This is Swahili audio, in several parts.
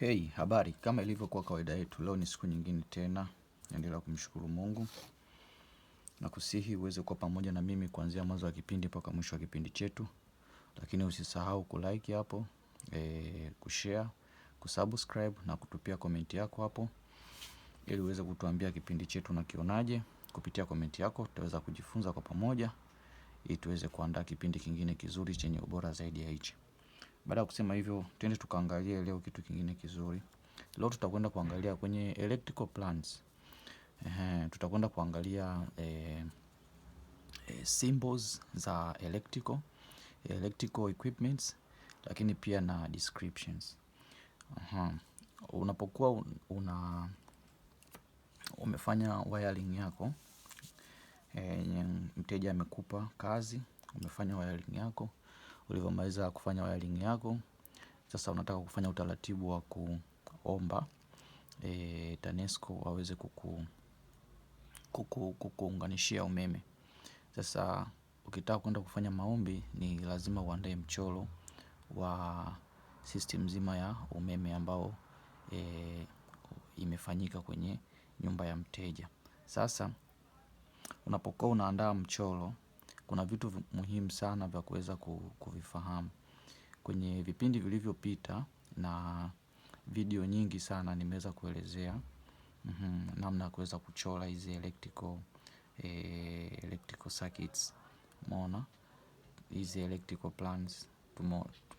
Hey, habari. Kama ilivyokuwa kawaida yetu, leo ni siku nyingine tena. Naendelea kumshukuru Mungu na kusihi uweze kuwa pamoja na mimi kuanzia mwanzo wa kipindi mpaka mwisho wa kipindi chetu, lakini usisahau kulike hapo e, eh, kushare, kusubscribe na kutupia komenti yako hapo, ili uweze kutuambia kipindi chetu nakionaje. Kupitia komenti yako tutaweza kujifunza kwa pamoja, ili tuweze kuandaa kipindi kingine kizuri chenye ubora zaidi ya hichi. Baada ya kusema hivyo, twende tukaangalia leo kitu kingine kizuri. Leo tutakwenda kuangalia kwenye electrical plants. Ehe, tutakwenda kuangalia e, e, symbols za electrical, electrical equipments lakini pia na descriptions. Aha. Unapokuwa una umefanya wiring yako e, mteja amekupa kazi, umefanya wiring yako Ulivyomaliza kufanya wiring yako, sasa unataka kufanya utaratibu wa kuomba e, TANESCO waweze kuku, kuku, kukuunganishia umeme. Sasa ukitaka kwenda kufanya maombi ni lazima uandae mchoro wa system nzima ya umeme ambao e, imefanyika kwenye nyumba ya mteja. Sasa unapokuwa unaandaa mchoro kuna vitu muhimu sana vya kuweza kuvifahamu. Kwenye vipindi vilivyopita na video nyingi sana nimeweza kuelezea mm-hmm, namna ya kuweza kuchora hizi electrical eh, circuits, umeona, hizi electrical plans.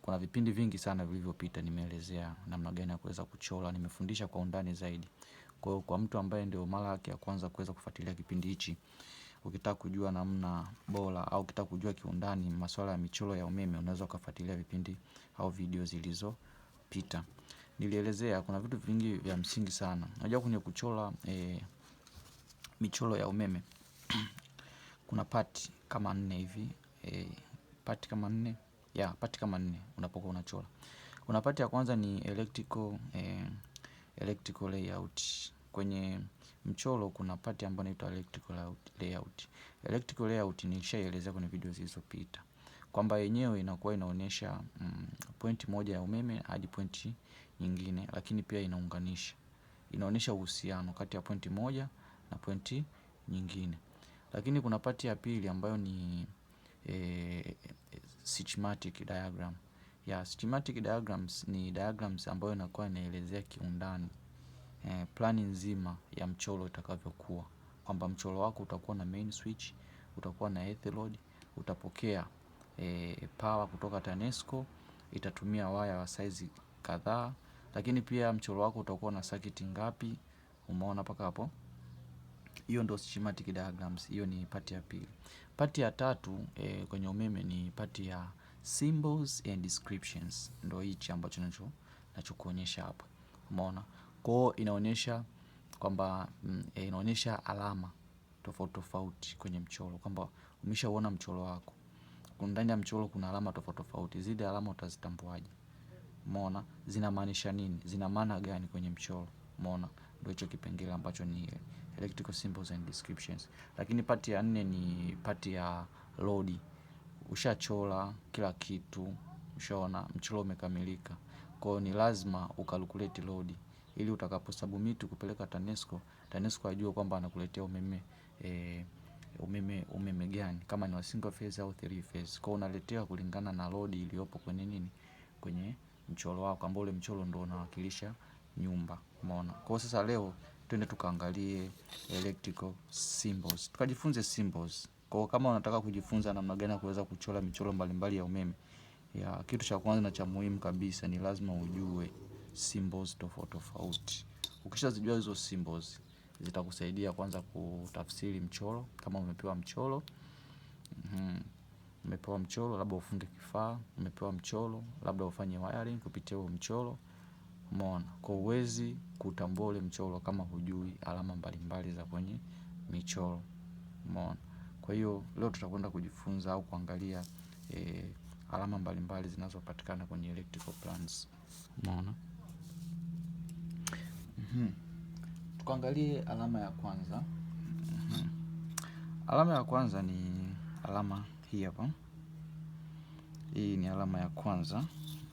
Kuna vipindi vingi sana vilivyopita nimeelezea namna gani ya kuweza kuchora, nimefundisha kwa undani zaidi. Kwa hiyo kwa mtu ambaye ndio mara yake ya kwanza kuweza kufuatilia kipindi hichi, ukitaka kujua namna bora au ukitaka kujua kiundani maswala ya michoro ya umeme unaweza ukafuatilia vipindi au video zilizopita. Nilielezea kuna vitu vingi vya msingi sana. Unajua kwenye kuchora e, michoro ya umeme. Kuna part kama nne hivi. E, part kama nne ya part kama nne unapokuwa unachora. Kuna part ya kwanza ni electrical e, layout. Kwenye mchoro kuna pati ambayo inaitwa electrical layout. Electrical layout nilishaielezea kwenye video zilizopita. Kwamba yenyewe inakuwa inaonyesha mm, point moja ya umeme hadi point nyingine lakini pia inaunganisha. Inaonyesha uhusiano kati ya point moja na pointi nyingine. Lakini kuna pati ya pili ambayo ni e, schematic diagram. Ya schematic diagrams ni diagrams ambayo inakuwa inaelezea kiundani Eh, plani nzima ya mchoro itakavyokuwa. Kwamba mchoro wako utakuwa na main switch, utakuwa na earth load, utapokea eh, power kutoka TANESCO, itatumia waya wa size kadhaa. Lakini pia mchoro wako utakuwa na circuit ngapi, umeona paka hapo. Hiyo ndio schematic diagrams, hiyo ni pati ya pili. Pati ya tatu eh, kwenye umeme ni pati ya symbols and descriptions, ndio hichi ambacho nacho nachokuonyesha hapa, umeona kwao inaonyesha kwamba mm, eh, inaonyesha alama tofauti tofauti kwenye mchoro kwamba umeshauona mchoro wako. Ndani ya mchoro kuna alama tofauti tofauti. Zile alama utazitambuaje? Umeona? Zinamaanisha nini? Zina maana gani kwenye mchoro? Umeona? Ndio hicho kipengele ambacho ni electrical symbols and descriptions. Lakini pati ya nne ni pati ya lodi. Ushachora kila kitu. Ushaona mchoro umekamilika. Kwa ni lazima ukalkuleti lodi ili utakapo submit kupeleka TANESCO, TANESCO ajue kwamba anakuletea umeme e, umeme umeme gani kama ni wa single phase au three phase. Kwa unaletea kulingana na load iliyopo kwenye nini, kwenye mchoro wako ambao ule mchoro ndio unawakilisha nyumba. Umeona? Kwa sasa leo twende tukaangalie electrical symbols. Tukajifunze symbols. Kwa kama unataka kujifunza namna gani ya kuweza kuchora michoro mbalimbali ya umeme, ya kitu cha kwanza na cha muhimu kabisa ni lazima ujue symbols tofauti tofauti. Ukishazijua hizo symbols zitakusaidia kwanza kutafsiri mchoro kama umepewa mchoro mm -hmm. umepewa mchoro labda ufunge kifaa, umepewa mchoro labda ufanye wiring kupitia huo mchoro. Umeona, kwa uwezi kutambua ule mchoro kama hujui alama mbalimbali za kwenye michoro. Umeona, kwa hiyo leo tutakwenda kujifunza au kuangalia e, alama mbalimbali zinazopatikana kwenye electrical plans. Umeona. Hmm. Tukaangalie alama ya kwanza. Hmm. Alama ya kwanza ni alama hii hapa. Hii ni alama ya kwanza.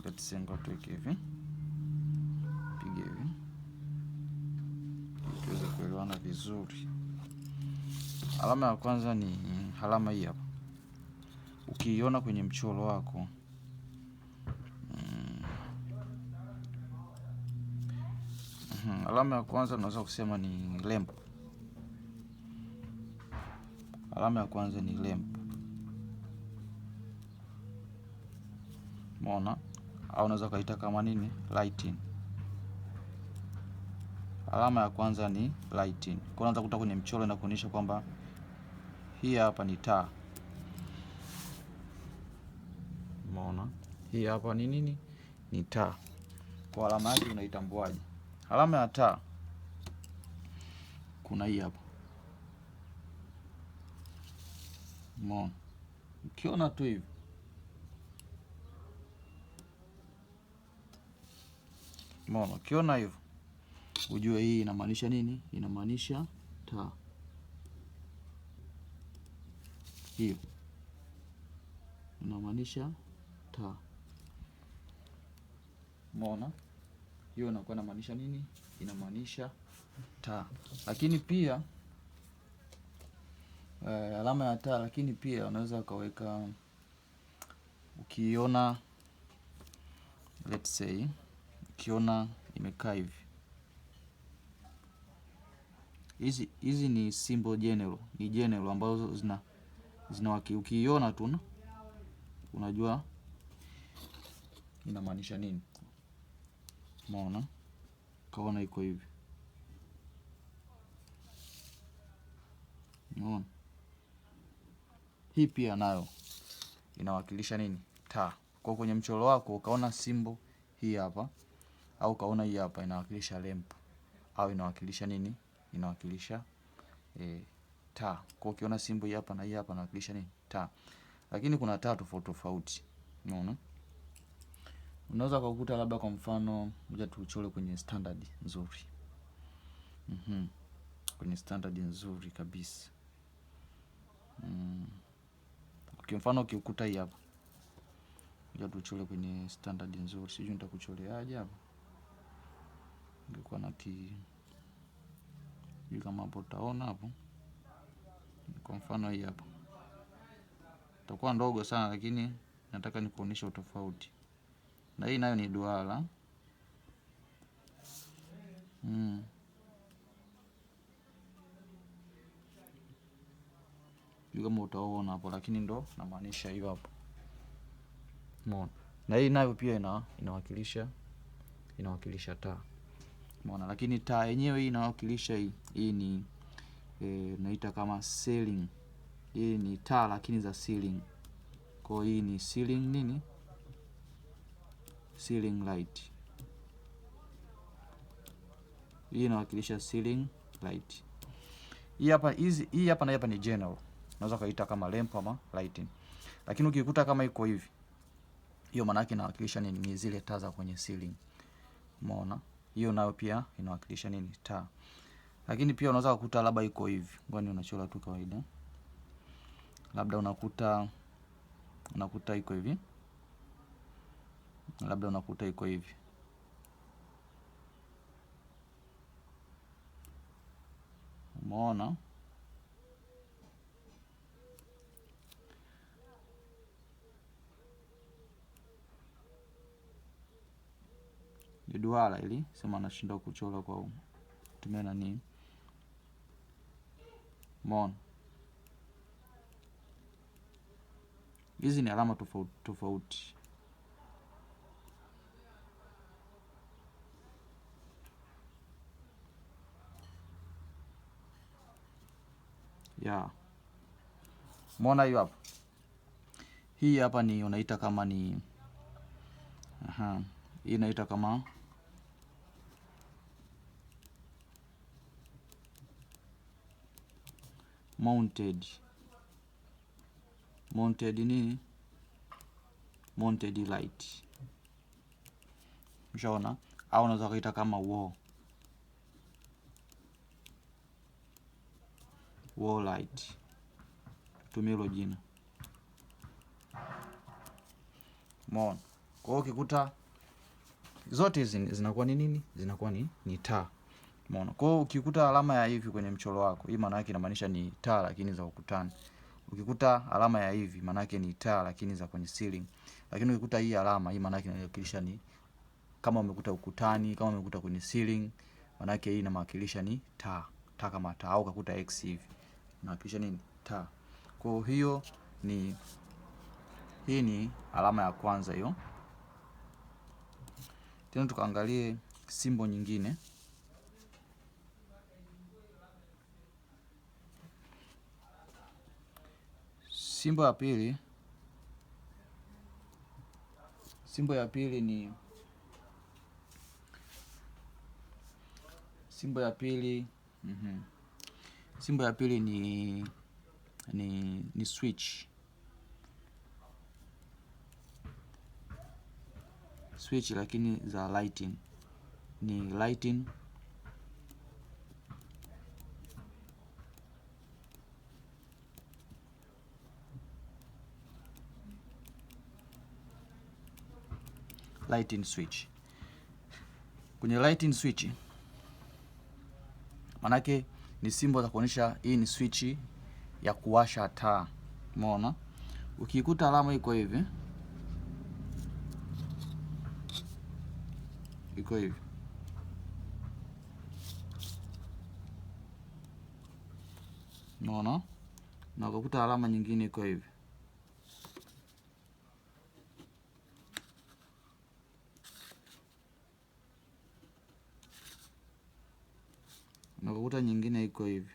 Let's say ngoja tuweke hivi. Piga hivi. tuweze kuelewana vizuri. Alama ya kwanza ni alama hii hapa. Ukiiona kwenye mchoro wako Hmm, alama ya kwanza tunaweza kusema ni lamp. Alama ya kwanza ni lamp. mona Au unaweza ukaita kama nini? Lighting. Alama ya kwanza ni lighting. Kwa unaweza kuta kwenye mchoro kuonyesha kwamba hii hapa ni taa. mona Hii hapa ni nini? Ni taa. Kwa alama yake unaitambuaje? Alama ya taa kuna hii hapa, mona Ukiona tu hivi mona ukiona hivyo ujue hii inamaanisha nini, inamaanisha taa hiyo, inamaanisha taa, mona hiyo inakuwa inamaanisha nini? Inamaanisha taa. Lakini pia uh, alama ya taa. Lakini pia unaweza ukaweka, ukiona let's say, ukiona imekaa hivi hizi hizi ni symbol general, ni general ambazo zina zina, ukiiona tu unajua inamaanisha nini. Umeona, ukaona iko hivi, umeona. Hii pia nayo inawakilisha nini? Taa. Kwa kwenye mchoro wako ukaona simbo hii hapa au ukaona hii hapa inawakilisha lamp au inawakilisha nini? Inawakilisha e, taa. Kwa ukiona simbo hii hapa na hii hapa inawakilisha nini? Taa. Lakini kuna taa tofauti tofauti, umeona unaweza kukuta labda kwa mfano, mja tuchole kwenye standard nzuri mm -hmm. kwenye standard nzuri kabisa mm. Kwa mfano ukiukuta hii hapa, ngoja tuchole kwenye standard nzuri, sijui nitakucholeaje hapa, ngekuwa na ki kama hapo utaona hapo. Kwa mfano hii hapo itakuwa ndogo sana, lakini nataka nikuonyesha utofauti na hii nayo ni duara mm. kama utaona hapo, lakini ndo namaanisha hiyo hapo umeona. Na hii nayo pia ina inawakilisha inawakilisha taa mona lakini taa yenyewe hii inawakilisha hii hii ni e, naita kama ceiling. Hii ni taa lakini za ceiling, kwa hii ni ceiling nini ceiling light. Hii inawakilisha ceiling light. Hii hapa hizi hii hapa na hapa ni general. Unaweza kaita kama lamp ama lighting. Lakini ukikuta kama iko hivi, hiyo maana yake inawakilisha nini? Ni zile taa za kwenye ceiling. Umeona? Hiyo nayo pia inawakilisha nini? Taa. Lakini pia unaweza kukuta labda iko hivi. Ngoja unachora tu kawaida. Labda unakuta unakuta iko hivi labda unakuta iko hivi umeona ni duara ili sema anashindwa kuchora kwa umu nani umeona hizi ni alama tofauti tofauti yeah. Mwona hiyo hapo, hii hapa ni unaita kama ni aha, hii inaita kama mounted mounted nini, mounted light. Ushaona au unaweza kuita kama wall Wallite. Tumia hilo jina. mon. Kwa hiyo ukikuta zote hizi zinakuwa ni nini? Zinakuwa ni ni taa. mon. Kwa hiyo ukikuta alama ya hivi kwenye mchoro wako, hii maana yake inamaanisha ni taa lakini za ukutani. Ukikuta alama ya hivi maana yake ni taa lakini za kwenye ceiling. Lakini ukikuta hii alama, hii maana yake inawakilisha ni kama umekuta ukutani, kama umekuta kwenye ceiling, maana yake hii inawakilisha ni taa, taa kama taa au ukakuta X hivi na kisha nini ta. Kwa hiyo ni hii ni alama ya kwanza hiyo. Tena tukaangalie simbo nyingine. Simbo ya pili, simbo ya pili ni simbo ya pili mm -hmm. Simbo ya pili ni, ni, ni switch. Switch lakini za lighting ni lighting lighting switch. Kwenye lighting switch manake ni simbo za kuonyesha hii ni switch ya kuwasha taa. Umeona, ukikuta alama iko hivi iko hivi umeona, na ukakuta alama nyingine iko hivi unakukuta nyingine iko hivi.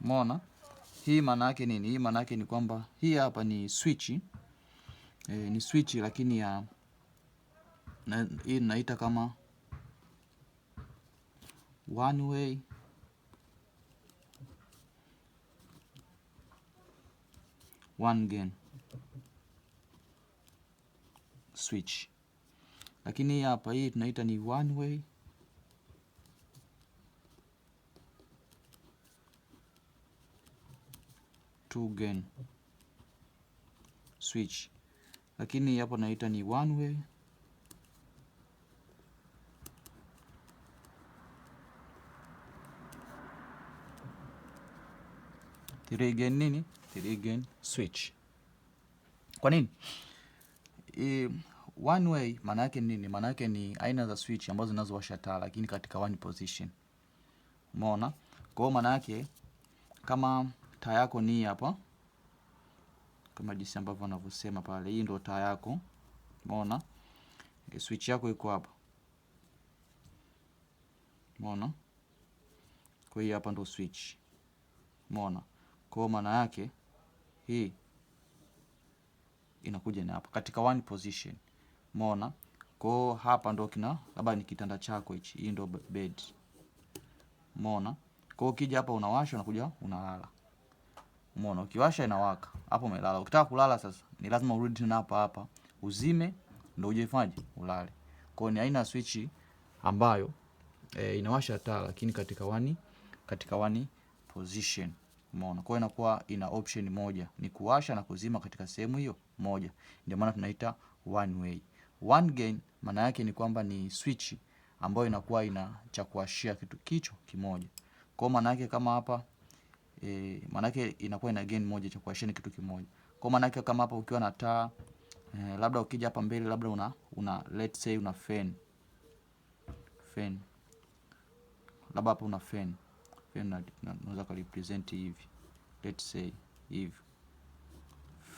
Mona, hii maana yake nini? Hii maana yake ni kwamba hii hapa ni switch e, ni switch lakini ya na, hii naita kama one way one gain switch, lakini hapa hii tunaita ni one way two gain switch, lakini hapa tunaita ni one way three gain nini the switch. Kwa nini? E, one way maana yake nini? Maana yake ni aina za switch ambazo zinazowasha taa lakini katika one position. Umeona? Kwa hiyo maana yake kama taa yako ni hapa kama jinsi ambavyo wanavyosema pale, hii ndio taa yako. Umeona? E, switch yako iko hapa. Umeona? Kwa hiyo hapa ndo switch. Umeona? Kwa maana yake hii inakuja na hapa katika one position, umeona. Kwa hapa ndo kina labda ni kitanda chako hichi, hii ndo bed, umeona. Kwa ukija hapa unawasha, unakuja unalala, umeona. Ukiwasha inawaka hapo, umelala. Ukitaka kulala sasa, ni lazima urudi tena hapa hapa uzime, ndo uje fanye ulale. Kwa ni aina ya swichi ambayo e, inawasha taa lakini katika wani katika wani position. Umeona, kwa inakuwa ina option moja ni kuwasha na kuzima katika sehemu hiyo moja, ndio maana tunaita one way. One gain maana yake ni kwamba ni switch ambayo inakuwa ina cha kuashia kitu kicho kimoja. Kwa maana yake kama hapa e, maana yake inakuwa ina gain moja cha kuashia ni kitu kimoja. Kwa maana yake kama hapa ukiwa na taa e, labda ukija hapa mbele labda una una let's say una fan fan labda hapa una fan pia naweza ka hivi, let's say hivi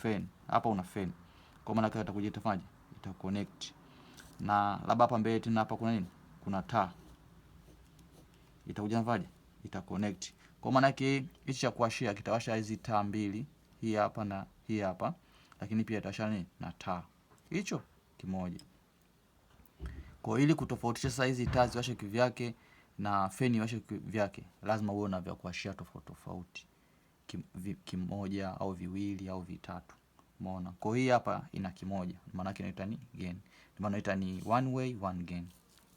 fan hapa, una fan kwa maana yake atakuja itafanya ita connect na labda hapa mbele tena, hapa kuna nini, kuna taa itakuja mvaje, ita connect kwa maana yake hichi cha kuashia kitawasha hizi taa mbili, hii hapa na hii hapa, lakini pia itawasha nini na taa hicho kimoja. Kwa ili kutofautisha sasa hizi taa ziwashe kivyake na feni washe vyake, lazima uwe na vya kuashia tofauti tofauti, kimoja au viwili au vitatu. Umeona? Kwa hiyo hapa ina kimoja, maana yake inaita ni gain. Maana inaita ni one way one gain.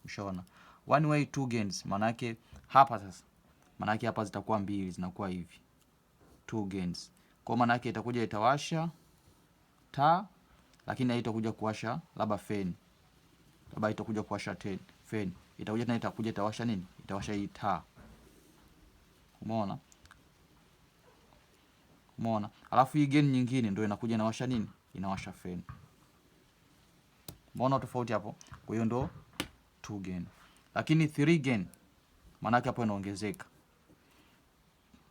Umeona? One way two gains, maana yake hapa sasa, maana yake hapa zitakuwa mbili, zinakuwa hivi two gains. Kwa maana yake itakuja itawasha taa, lakini haitakuja kuwasha labda feni, labda itakuja kuwasha feni itakuja tena itakuja itawasha nini? Itawasha hii taa. Umeona? Umeona? Alafu hii gain nyingine ndio inakuja inawasha nini? Inawasha fan. Umeona tofauti hapo? Kwa hiyo ndo 2 gen, Lakini 3 gen maana yake hapo inaongezeka.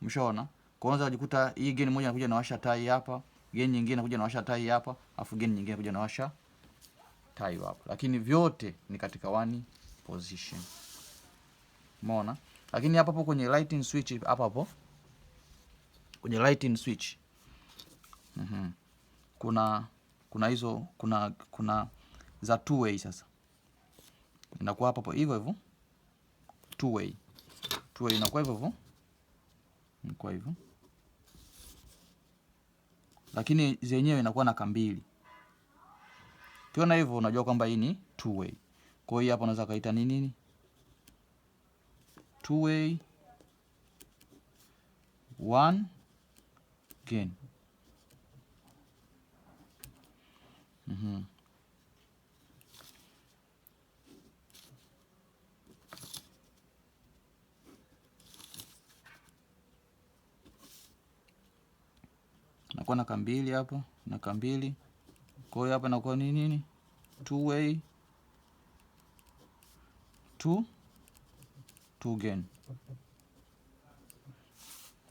Mshaona? Kwanza unajikuta hii gain moja inakuja inawasha tai hapa, gain nyingine inakuja inawasha tai hapa, afu gain nyingine inakuja inawasha tai hapa, Lakini vyote ni katika 1 position. Umeona? Lakini hapa hapo kwenye lighting switch hapa hapo kwenye lighting switch mm -hmm. kuna kuna hizo kuna kuna za two way. Sasa inakuwa hapa hapo hivyo hivyo two way, two way inakuwa hivyo hivyo, inakuwa hivyo, lakini zenyewe inakuwa na kambili. Ukiona hivyo unajua kwamba hii ni two way. Kwa hiyo hapa unaweza kaita ni nini? Two way one gain. Mm-hmm. Nakuwa na kambili hapa na kambili, kwa hiyo hapa nakuwa ni nini? Two way two two gain.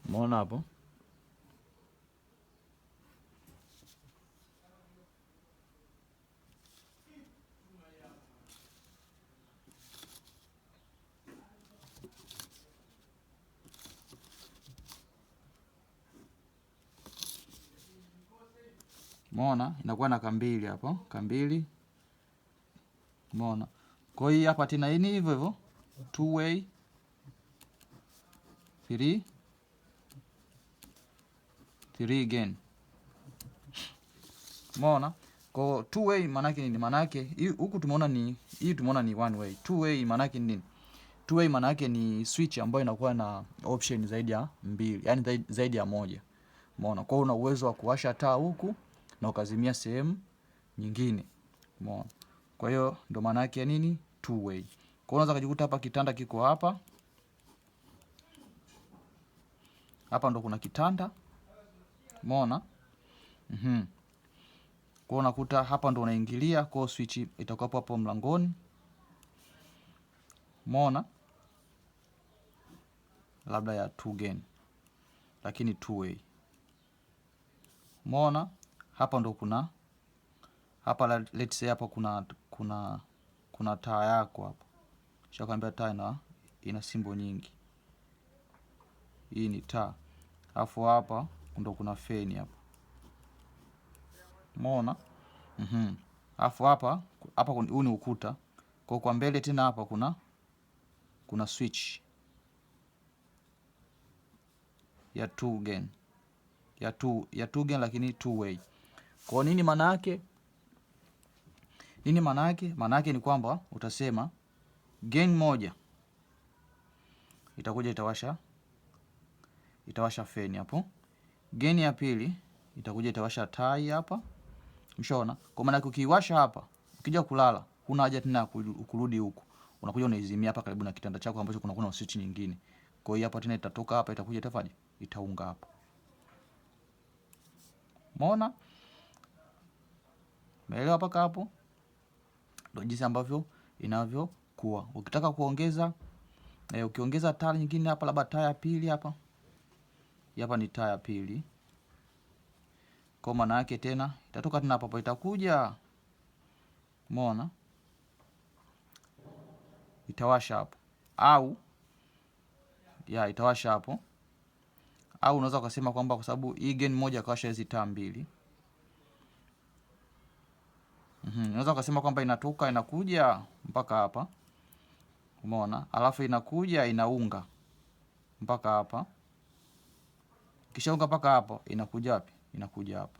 Umeona hapo? Mona inakuwa na kambili hapo, kambili. mona kwa hiyo hapa tena ini hivyo hivyo, two way 3 3 again. Umeona? Kwa two way maana yake nini? Maana yake huku tumeona ni hii, tumeona ni one way. Two way maana yake nini? Two way maana yake ni switch ambayo inakuwa na option zaidi ya mbili, yani zaidi ya moja. Umeona? Kwa hiyo una uwezo wa kuwasha taa huku na ukazimia sehemu nyingine. Umeona? Kwa hiyo ndo maana yake nini? two way. Kwa unaweza kujikuta hapa kitanda kiko hapa. Hapa ndo kuna kitanda. Umeona? Mhm. Mm kwa unakuta hapa ndo unaingilia, kwa switch itakuwa hapo mlangoni. Umeona? Labda ya two gen. Lakini two way. Umeona? Hapa ndo kuna hapa let's say hapa kuna kuna kuna taa yako hapa. Kisha taa ina, ina simbo nyingi. Hii ni taa. Alafu hapa ndo kuna feni hapa. Umeona? Mhm. Mm Alafu hapa hapa huu ni ukuta. Kwa kwa mbele tena hapa kuna kuna switch ya two gen. Ya two ya two gen lakini two way. Kwa nini maana yake? Nini maana yake? Maana yake ni kwamba utasema gain moja itakuja itawasha itawasha feni hapo. Gain ya pili itakuja itawasha tai hapa, mshaona? Kwa maana yake ukiwasha hapa, ukija kulala huna haja tena kurudi huku, unakuja unaizimia hapa karibu na kitanda chako ambacho kuna kuna switch nyingine. Kwa hiyo hapa tena itatoka hapa, itakuja itafanya itaunga hapa. Umeona? Umeelewa mpaka hapo? Ndio jinsi ambavyo inavyokuwa. Ukitaka kuongeza e, ukiongeza taa nyingine hapa, labda taa ya pili hapa, hapa ni taa ya pili, kwa maana yake tena itatoka tena hapa itakuja umeona, itawasha hapo au ya itawasha hapo, au unaweza ukasema kwamba kwa sababu hii geni moja akawasha hizi taa mbili. Mhm. Unaweza ukasema kwamba inatoka inakuja mpaka hapa, umeona, alafu inakuja inaunga mpaka hapa, kishaunga mpaka hapo, inakuja wapi? Inakuja hapa,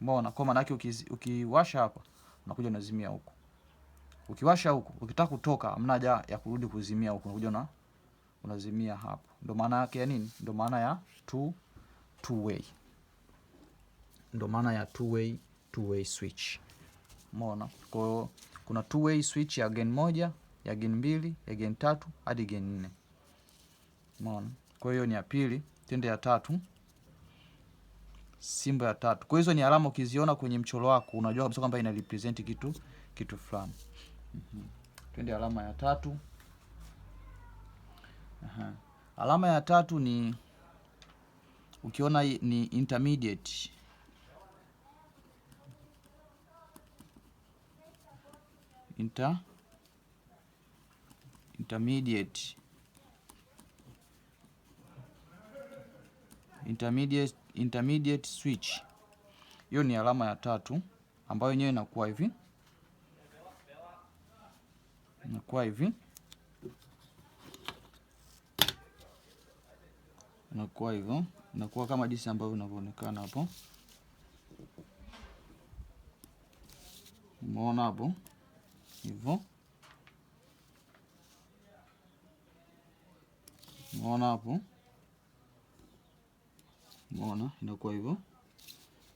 umeona. Kwa maana yake ukiwasha hapa unakuja unazimia huko ukiwasha huko ukitaka kutoka amna haja ya kurudi kuzimia huko unakuja na unazimia hapo. Ndio maana yake ya nini? Ndio maana ya two two way, ndio maana ya two way two-way switch. Umeona? Kwa hiyo kuna two-way switch ya gain moja, ya gain mbili, ya gain tatu hadi gain nne. Umeona? Kwa hiyo ni ya pili, tende ya tatu. Simba ya tatu. Kwa hizo ni alama ukiziona kwenye mchoro wako unajua kabisa kwamba ina represent kitu kitu fulani. mm Tende alama ya tatu. Aha. Alama ya tatu ni ukiona ni intermediate inter, intermediate intermediate intermediate switch. Hiyo ni alama ya tatu ambayo yenyewe inakuwa hivi inakuwa hivi inakuwa hivyo inakuwa kama jinsi ambavyo inavyoonekana hapo, umeona hapo hivyo. Unaona hapo, unaona inakuwa hivyo,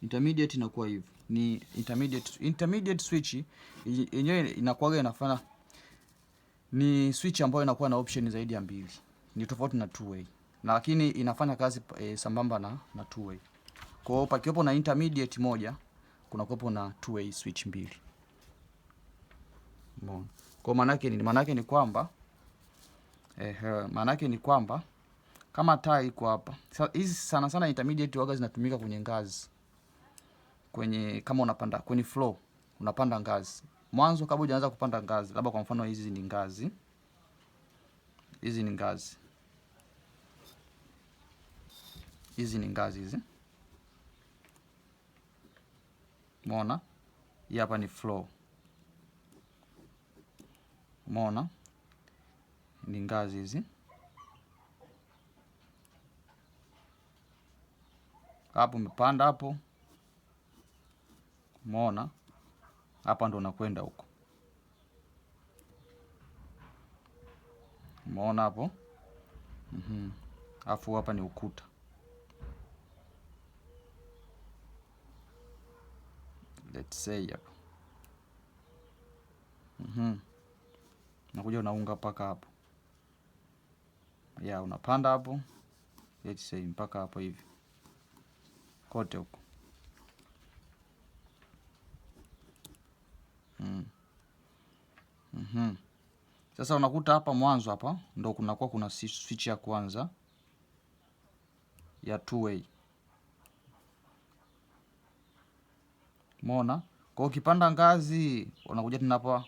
intermediate inakuwa hivyo. Ni intermediate, intermediate switch yenyewe inakuwaga inafana, ni switch ambayo inakuwa na option zaidi ya mbili, ni tofauti na two way na lakini inafanya kazi e, sambamba na na two way. Kwa hiyo pakiwepo na intermediate moja kuna kuwepo na two way switch mbili. Umeona? Kwa maanake ni maanake ni kwamba maana maanake ni kwamba kama taa iko hapa. Hizi hizi sana sana intermediate waga zinatumika kwenye ngazi. Kwenye kama unapanda kwenye floor, unapanda ngazi. Mwanzo kabla hujaanza kupanda ngazi, labda kwa mfano hizi ni ngazi. Hizi ni ngazi. Hizi ni ngazi hizi. Umeona? Hii hapa ni floor. Umeona ni ngazi hizi hapo, umepanda hapo, umeona hapa ndo unakwenda huko, umeona hapo. Mm-hmm. Afu hapa ni ukuta let's say hapo. Mm-hmm unakuja unaunga mpaka hapo ya unapanda hapo let's say mpaka hapo hivi kote huko mm. mm -hmm. Sasa unakuta hapa mwanzo hapa ndo kunakuwa kuna switch ya kwanza ya two way mona. Kwa hiyo ukipanda ngazi unakuja tena hapa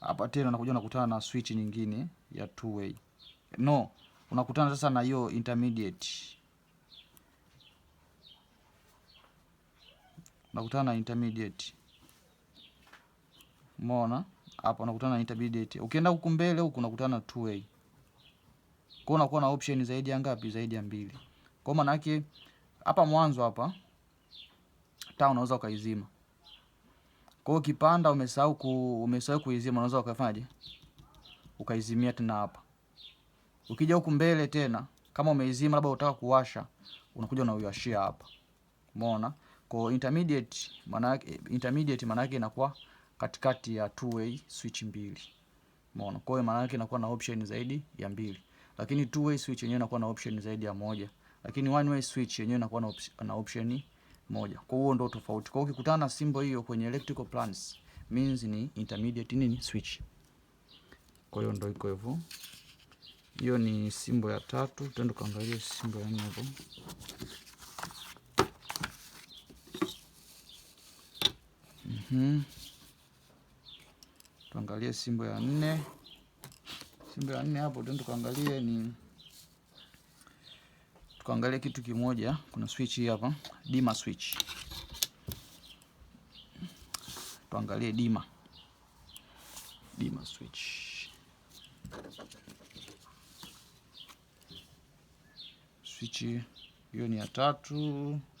hapa tena unakuja unakutana na switch nyingine ya two way. No, unakutana sasa na hiyo intermediate, unakutana na intermediate. Umeona hapa unakutana na intermediate, ukienda huku mbele huku unakutana na two way, kwa unakuwa na option zaidi ya ngapi? Zaidi ya mbili. Kwa maana yake hapa mwanzo hapa taa unaweza ukaizima kwa hiyo ukipanda umesahau ku, umesahau kuizima unaweza ukafanyaje? Ukaizimia tena hapa. Ukija huku mbele tena kama umeizima labda unataka kuwasha unakuja unaiwashia hapa. Umeona? Kwa intermediate maana yake intermediate maana yake inakuwa katikati ya two way switch mbili. Umeona? Kwa hiyo maana yake inakuwa na option zaidi ya mbili. Lakini two way switch yenyewe inakuwa na option zaidi ya moja. Lakini one way switch yenyewe inakuwa na option moja. Kwa hiyo ndo tofauti. Kwa hiyo ukikutana na simbo hiyo kwenye electrical plants means ni intermediate nini switch. Kwa hiyo ndo iko hivyo. Hiyo ni simbo ya tatu. Twende kaangalia simbo ya nne hapo. Mhm. Tuangalie simbo ya nne. simbo ya nne hapo twende kaangalie ni tukaangalia kitu kimoja. Kuna switch hii hapa, dima switch. Tuangalie dima, dima switch switch hiyo ni ya tatu.